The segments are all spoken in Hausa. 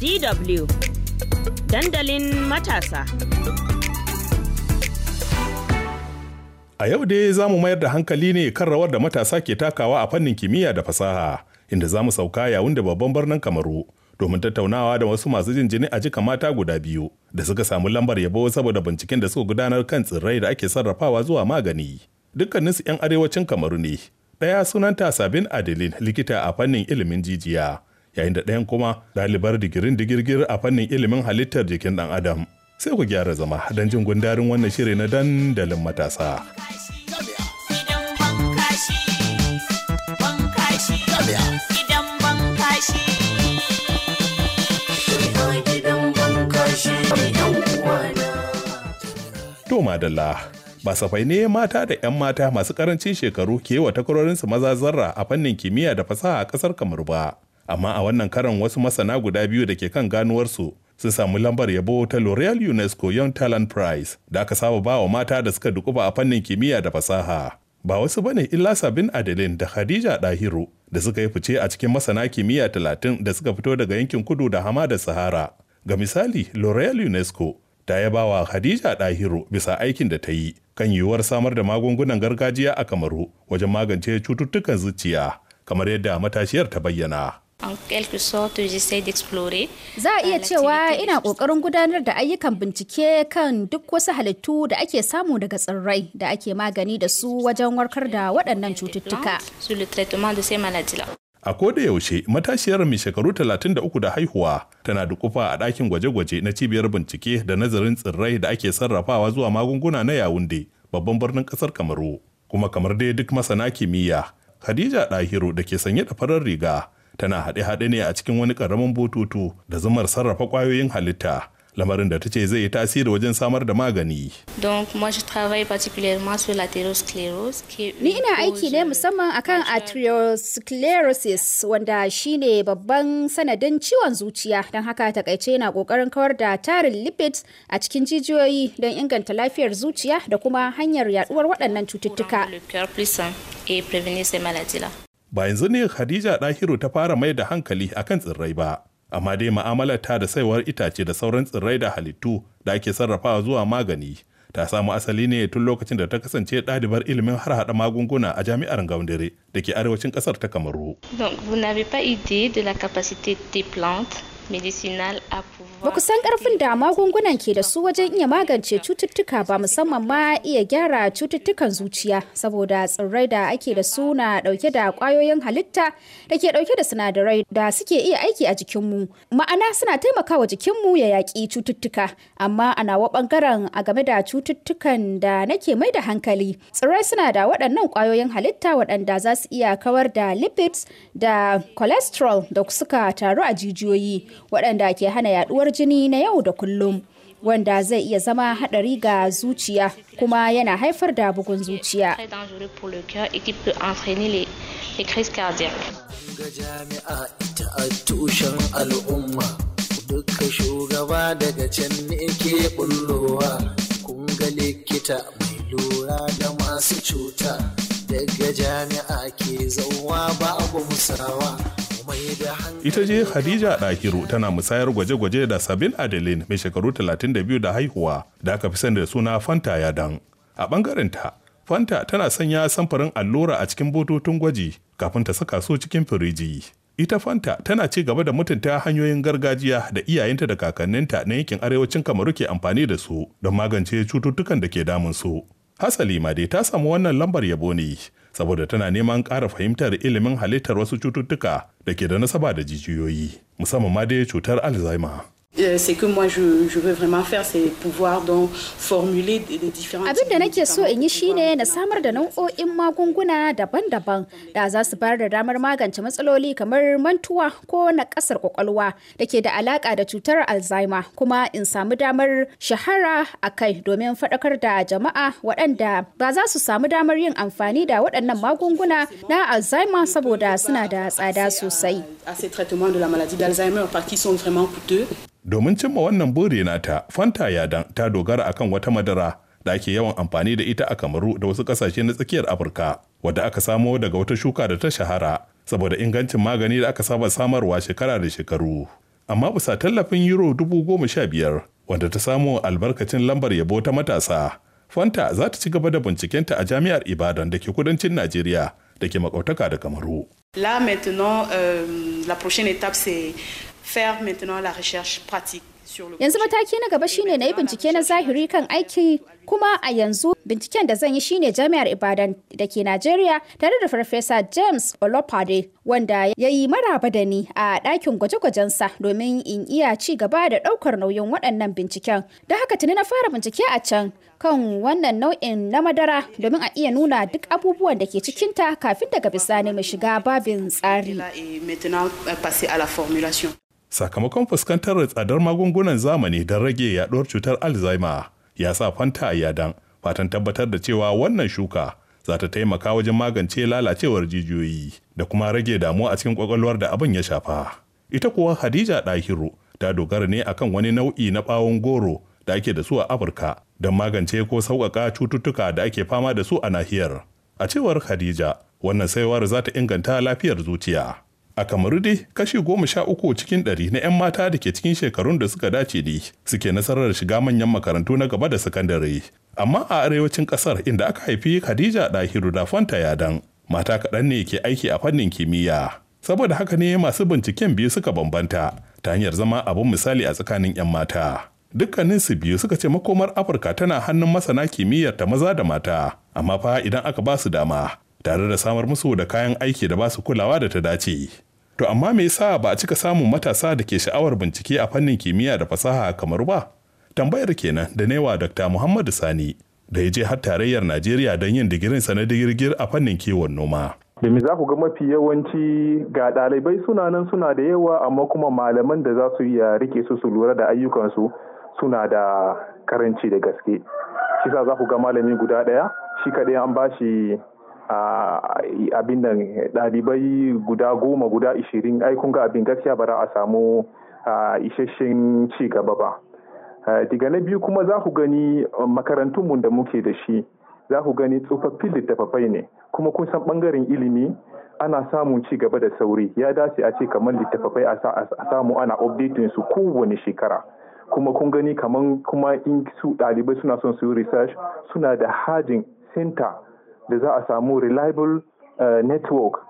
DW dandalin matasa. A yau dai za mu mayar da hankali ne kan rawar da matasa ke takawa a fannin kimiyya da fasaha, inda za mu sauka yawun da babban birnin Kamaru domin tattaunawa da wasu masu jin jini a jika mata guda biyu da suka samu lambar yabo saboda binciken da suka gudanar kan tsirrai da ake sarrafawa zuwa magani. Dukkaninsu 'yan arewacin Kamaru ne. Ɗaya sunanta Sabin Adelin likita a fannin ilimin jijiya. yayin da ɗayan kuma ɗalibar digirin digirgir a fannin ilimin halittar jikin ɗan adam sai ku gyara zama don jin gundarin wannan shiri na dandalin matasa. To madalla ba safai ne mata da 'yan mata masu karancin shekaru ke wa takwarorinsu maza zarra a fannin kimiyya da fasaha a ƙasar kamar ba. amma a wannan karan wasu masana guda biyu da ke kan ganuwarsu sun samu lambar yabo ta L'Oreal UNESCO Young Talent Prize da aka saba ba wa mata da suka dukuba a fannin kimiyya da fasaha. Ba wasu bane illa Sabin Adelin da Khadija Dahiru da suka yi fice a cikin masana kimiyya talatin da suka fito daga yankin kudu da hama da Sahara. Ga misali, L'Oreal UNESCO ta yaba wa Khadija Dahiru bisa aikin da ta yi kan yiwuwar samar da magungunan gargajiya a Kamaru wajen magance cututtukan zuciya, kamar yadda matashiyar ta bayyana. Za a euh, iya cewa ina ƙoƙarin gudanar da ayyukan bincike kan duk wasu halittu da ake samu daga tsirrai da ake magani da su wajen warkar da waɗannan cututtuka. A koda yaushe matashiyar mai shekaru 33 da haihuwa tana da kufa a ɗakin gwaje-gwaje na cibiyar bincike da nazarin tsirrai da ake sarrafawa zuwa magunguna na Yawunde, babban birnin ƙasar Kamaru. Kuma kamar dai duk masana kimiyya, Khadija Ɗahiru da ke sanye da farar riga tana haɗe-haɗe ne a cikin wani ƙaramin bututu da zumar sarrafa ƙwayoyin halitta lamarin da ta ce zai yi tasiri wajen samar da magani. Ni ina aiki ne musamman akan arteriosclerosis wanda shine babban sanadin ciwon zuciya don haka takaice na kokarin kawar da tarin lipids a cikin jijiyoyi don inganta lafiyar zuciya da kuma hanyar yaduwar waɗannan cututtuka. ba yanzu ne Khadija Dahiru ta fara mai da hankali akan tsirrai ba, amma dai ma'amalar ta da saiwar itace da sauran tsirrai da halittu da ake sarrafawa zuwa magani ta samu asali ne tun lokacin da ta kasance ɗalibar ilimin har hada magunguna a jami'ar Gaundare da ke arewacin ƙasar ta Kamaru. Donc vous n'avez pas idée de la capacité des plantes medicinal ba san karfin da magungunan ke da su wajen iya magance cututtuka ba musamman ma iya gyara cututtukan zuciya saboda tsirrai da ake da su na dauke da kwayoyin halitta da ke dauke da sinadarai da suke iya aiki a jikinmu ma'ana suna taimakawa jikinmu ya yaƙi cututtuka amma a nawa bangaren a game da cututtukan da nake mai da hankali tsirrai suna da waɗannan kwayoyin halitta waɗanda za su iya kawar da lipids da cholesterol da suka taru a jijiyoyi waɗanda ke hana yaɗuwar jini na yau da kullum wanda zai iya zama haɗari ga zuciya kuma yana haifar da bugun zuciya. Duka shugaba daga can ne ke bullowa, kun ga likita mai lura da masu cuta, daga jami'a ke zauwa babu musawa. ita je Hadija Dahiru tana musayar gwaje-gwaje da Sabin Adeline mai shekaru 32 da haihuwa da aka fi sani da suna Fanta ya dan. A bangaren ta, Fanta tana sanya samfurin allura a cikin bututun gwaji kafin ta saka su cikin firiji. Ita Fanta tana ci gaba da mutunta hanyoyin gargajiya da iyayenta da kakanninta na yankin arewacin Kamaru ke amfani da su don magance cututtukan da ke damun su. Hasali ma dai ta samu wannan lambar yabo ne saboda tana neman ƙara fahimtar ilimin halittar wasu cututtuka da ke da nasaba da jijiyoyi musamman ma dai cutar alzheimer Euh, c'est que moi je, je veux vraiment faire c'est pouvoir donc formuler des, des différents abin da nake so in yi shine na samar da nau'o'in magunguna daban-daban da za su bayar da damar magance matsaloli kamar mantuwa ko na kasar kwakwalwa da ke da alaka da cutar alzheimer kuma in samu damar shahara a kai domin faɗakar da jama'a waɗanda ba za su samu damar yin amfani da waɗannan magunguna na alzheimer saboda suna da tsada sosai Domin cimma wannan buri nata, Fanta Yadan ta dogara akan wata madara da ake yawan amfani da ita a Kamaru da wasu ƙasashe na tsakiyar Afirka, wadda aka samo daga wata shuka da ta shahara saboda ingancin magani da aka saba samarwa shekara da shekaru. Amma bisa tallafin euro dubu goma sha biyar wadda ta samo albarkacin lambar yabo ta matasa, Fanta za ta ci gaba da bincikenta a jami'ar Ibadan da ke kudancin Najeriya da ke makautaka da Kamaru. La maintenant, euh, la prochaine étape c'est Yanzu mataki na gaba shine na yi bincike na zahiri kan aiki kuma a yanzu binciken da zan yi shine jami'ar Ibadan da ke Najeriya tare da Farfesa James Olopade wanda ya yi maraba da ni a ɗakin gwaje sa domin in iya ci gaba da ɗaukar nauyin waɗannan binciken. Da haka tuni na fara bincike a can kan wannan nau'in na madara domin a iya nuna duk abubuwan da ke cikinta kafin daga bisani mai shiga babin tsari. sakamakon fuskantar tsadar magungunan zamani don rage yaɗuwar cutar alzheimer ya sa fanta a yadan fatan tabbatar da cewa wannan shuka za ta taimaka wajen magance lalacewar jijiyoyi da kuma rage damuwa a cikin kwakwalwar da abin ya shafa ita kuwa hadija Dahiru ta dogara ne akan wani nau'i na ɓawon goro da ake da su a afirka don magance ko sauƙaƙa cututtuka da ake fama da su a nahiyar a cewar hadija wannan saiwar za ta inganta lafiyar zuciya a kamaru dai kashi goma sha uku cikin ɗari na 'yan mata da ke cikin shekarun da suka dace ne suke nasarar shiga manyan makarantu na gaba da sakandare amma a arewacin ƙasar inda aka haifi khadija ɗahiru da fanta yadan mata kaɗan ne ke aiki a fannin kimiyya saboda haka ne masu binciken biyu suka bambanta ta hanyar zama abin misali a tsakanin 'yan mata dukkaninsu biyu suka ce makomar afirka tana hannun masana kimiyyar ta maza da mata amma fa idan aka ba su dama tare da samar musu da kayan aiki da ba su kulawa da ta dace To amma me yasa ba a cika samun matasa da ke sha'awar bincike a fannin kimiyya da fasaha kamar ba? Tambayar kenan da newa Dr. Muhammadu Sani da ya je har tarayyar Najeriya don yin digirin sa na digirgir a fannin kiwon noma. Domin za ku ga mafi yawanci ga ɗalibai suna nan suna da yawa amma kuma malaman da za su iya rike su su lura da ayyukansu suna da karanci da gaske. Shi za ku ga malami guda ɗaya shi kaɗai an ba shi abin nan ɗalibai guda goma guda ashirin ai ga abin gaskiya ba za a samu isasshen ci gaba ba daga na biyu kuma za ku gani um, makarantunmu da muke da shi za ku gani tsofaffin littafafai ne kuma kun san ɓangaren ilimi ana samun ci gaba da sauri ya dace a ce kamar littafafai a samu ana updating su kowane shekara kuma kun gani kamar kuma in su ɗalibai suna son su yi research suna da hajin center da za a samu reliable Eh, network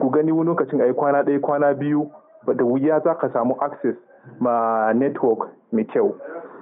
ku gani wani lokacin a yi kwana ɗaya kwana biyu da wuya za ka samu access ma network mai kyau.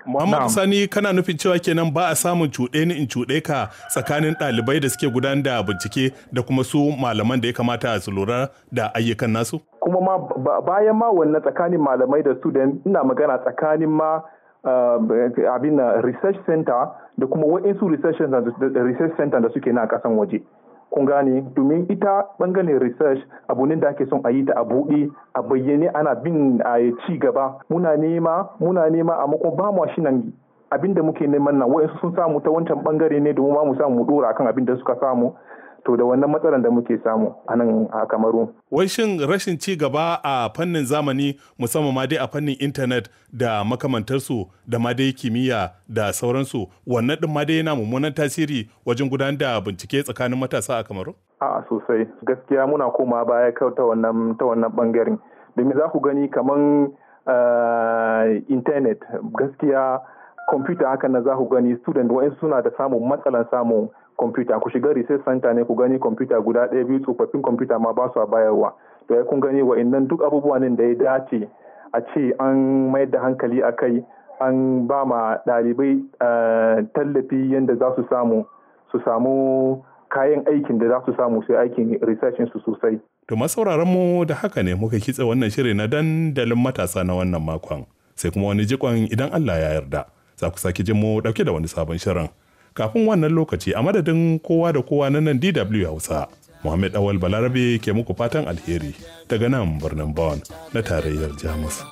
Muhammad Sani kana nufin cewa kenan ba a samun cuɗe ni in cuɗe ka tsakanin ɗalibai da suke gudanar da bincike da kuma su malaman da ya kamata su lura da ayyukan nasu? Kuma ma bayan ma wannan tsakanin malamai da su ina magana tsakanin ma eh, abin research center da kuma wa'insu research center da suke na kasan waje. kun gane domin ita bangaren research abu ne da ake son a yi ta a buɗe a bayyane ana bin a ci gaba muna nema muna nema a mako ba mu shi nan abin muke neman nan wa'insu sun samu ta wancan bangare ne domin ba mu samu mu dora akan abinda suka samu to da wannan matsalar da muke samu a nan a kamaru wai shin rashin ci gaba a fannin zamani musamman ma dai a fannin intanet da makamantarsu da ma dai kimiyya da sauransu wannan din ma dai yana mummunan tasiri wajen gudanar da bincike tsakanin matasa a kamaru a'a sosai gaskiya muna koma baya kawai ta wannan ta wannan bangaren domin za ku gani kaman eh, intanet gaskiya kwamfuta haka na za ku gani student wa'in suna da samun matsalan samun kwamfuta ku shiga research center ne ku gani kwamfuta guda ɗaya biyu tsofaffin kwamfuta ma ba su a bayarwa to ya kun gani wa'annan duk abubuwa ne da ya dace a ce an mayar da hankali a kai an ba ma ɗalibai eh, tallafi yadda za su samu su samu kayan aikin da za su samu sai aikin research su sosai. To sauraron mu da haka ne muka kitse wannan shirin na dandalin matasa na wannan makon sai kuma wani jikon idan Allah ya yarda za ku sake jin mu dauke da wani sabon shirin. kafin wannan lokaci a madadin kowa da kowa na nan DW Hausa. Muhammad Awal Balarabe ke muku fatan alheri daga nan birnin Bonn na tarayyar Jamus.